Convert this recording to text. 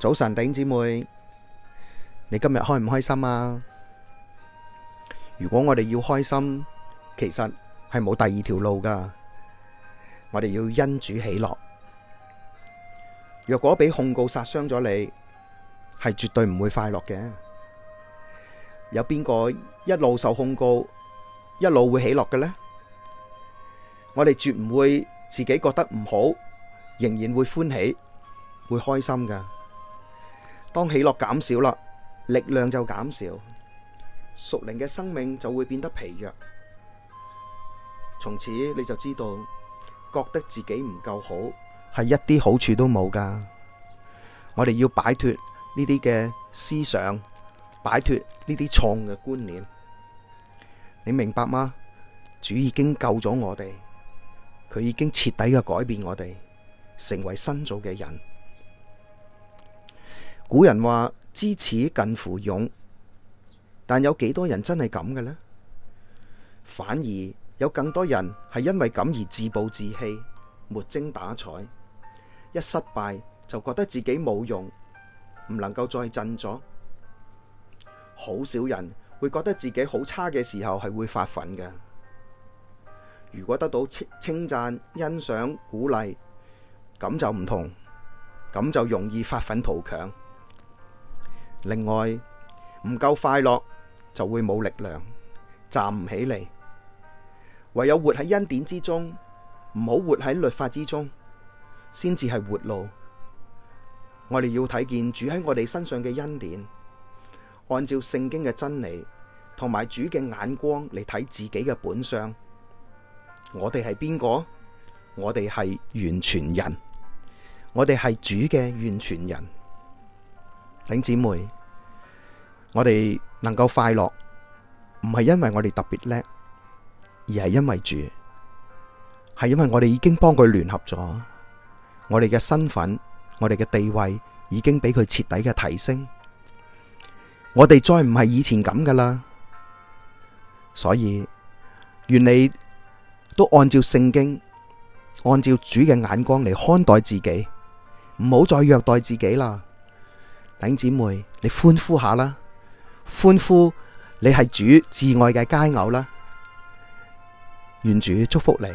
早晨，頂姐妹，你今日開唔開心啊？如果我哋要開心，其實係冇第二條路噶。我哋要因主喜樂。若果俾控告殺傷咗你，係絕對唔會快樂嘅。有邊個一路受控告，一路會喜樂嘅呢？我哋絕唔會自己覺得唔好，仍然會歡喜，會開心噶。當喜樂減少啦，力量就減少，屬靈嘅生命就會變得疲弱。從此你就知道，覺得自己唔夠好，係一啲好處都冇㗎。我哋要擺脫呢啲嘅思想，擺脫呢啲創嘅觀念。你明白嗎？主已經救咗我哋，佢已經徹底嘅改變我哋，成為新造嘅人。古人話知恥近乎勇，但有幾多人真係咁嘅呢？反而有更多人係因為咁而自暴自棄、沒精打采，一失敗就覺得自己冇用，唔能夠再振作。好少人會覺得自己好差嘅時候係會發奮嘅。如果得到稱稱讚、欣賞、鼓勵，咁就唔同，咁就容易發奮圖強。另外，唔夠快樂就會冇力量，站唔起嚟，唯有活喺恩典之中，唔好活喺律法之中，先至係活路。我哋要睇見主喺我哋身上嘅恩典，按照聖經嘅真理同埋主嘅眼光嚟睇自己嘅本相。我哋係邊個？我哋係完全人，我哋係主嘅完全人。兄姐妹，我哋能夠快樂，唔係因為我哋特別叻，而係因為主。係因為我哋已經幫佢聯合咗，我哋嘅身份、我哋嘅地位已經俾佢徹底嘅提升，我哋再唔係以前咁噶啦，所以願你都按照聖經，按照主嘅眼光嚟看待自己，唔好再虐待自己啦。等姊妹，你歡呼下啦！歡呼你係主至愛嘅佳偶啦！願主祝福你。